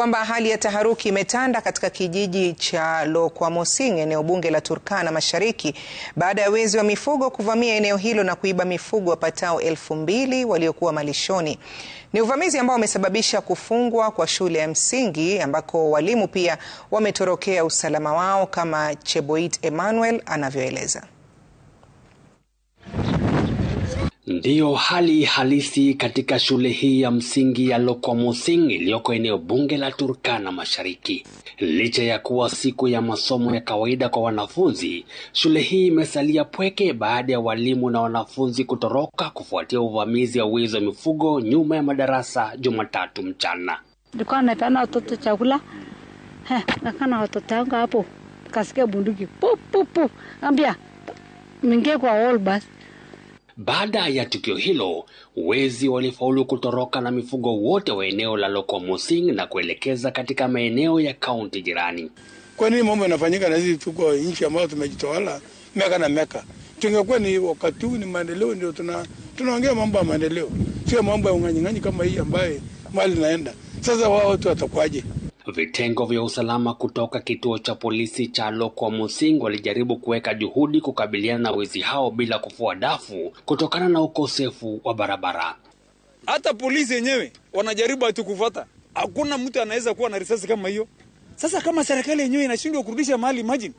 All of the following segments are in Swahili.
kwamba hali ya taharuki imetanda katika kijiji cha Lokwamosing, eneo bunge la Turkana Mashariki, baada ya wezi wa mifugo kuvamia eneo hilo na kuiba mifugo wapatao elfu mbili waliokuwa malishoni. Ni uvamizi ambao umesababisha kufungwa kwa shule ya msingi ambako walimu pia wametorokea usalama wao, kama Cheboit Emmanuel anavyoeleza. Ndiyo hali halisi katika shule hii ya msingi ya Lokwamosing iliyoko eneo bunge la Turkana Mashariki. Licha ya kuwa siku ya masomo ya kawaida kwa wanafunzi, shule hii imesalia pweke baada ya walimu na wanafunzi kutoroka kufuatia uvamizi wa wizi wa mifugo nyuma ya madarasa Jumatatu mchana. Nilikuwa napeana watoto chakula, nakana watoto hapo, kasikia bunduki pupupu, ambia mingie kwa hall baada ya tukio hilo, wezi walifaulu kutoroka na mifugo wote wa eneo la Lokomusing na kuelekeza katika maeneo ya kaunti jirani. Kwa nini mambo yanafanyika na hizi? tuko nchi ambayo tumejitawala miaka na miaka? Tungekuwa ni wakati huu ni maendeleo, ndio tuna tunaongea mambo ya maendeleo, sio mambo ya ung'anying'anyi kama hii ambaye mali naenda sasa. Wao watu watakuwaje? Vitengo vya usalama kutoka kituo cha polisi cha Lokwa Musinga walijaribu kuweka juhudi kukabiliana na wezi hao bila kufua dafu kutokana na ukosefu wa barabara. Hata polisi yenyewe wanajaribu hatukufata, hakuna mtu anaweza kuwa na risasi kama hiyo. Sasa kama serikali yenyewe inashindwa kurudisha mali, imagine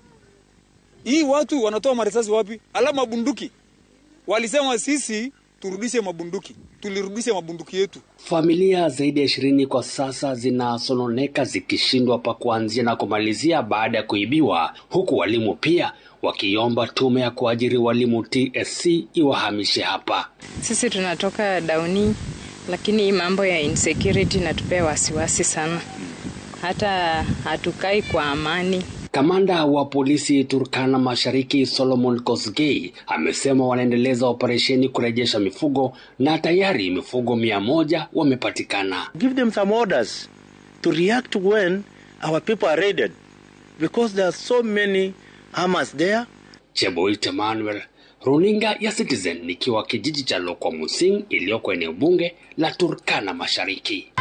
hii watu wanatoa marisasi wapi? Alama bunduki walisema sisi turudishe mabunduki, tulirudishe mabunduki yetu. Familia zaidi ya ishirini kwa sasa zinasononeka zikishindwa pa kuanzia na kumalizia baada ya kuibiwa, huku walimu pia wakiomba tume ya kuajiri walimu TSC iwahamishe hapa. Sisi tunatoka Dauni, lakini hii mambo ya insecurity inatupea wasiwasi sana, hata hatukai kwa amani. Kamanda wa polisi Turkana Mashariki Solomon Kosgei amesema wanaendeleza operesheni kurejesha mifugo na tayari mifugo mia moja wamepatikana. Give them some orders to react when our people are raided because there are so many hamas there. Cheboit Emmanuel, runinga ya Citizen nikiwa kijiji cha Lokwa Musing iliyoko eneo bunge la Turkana Mashariki.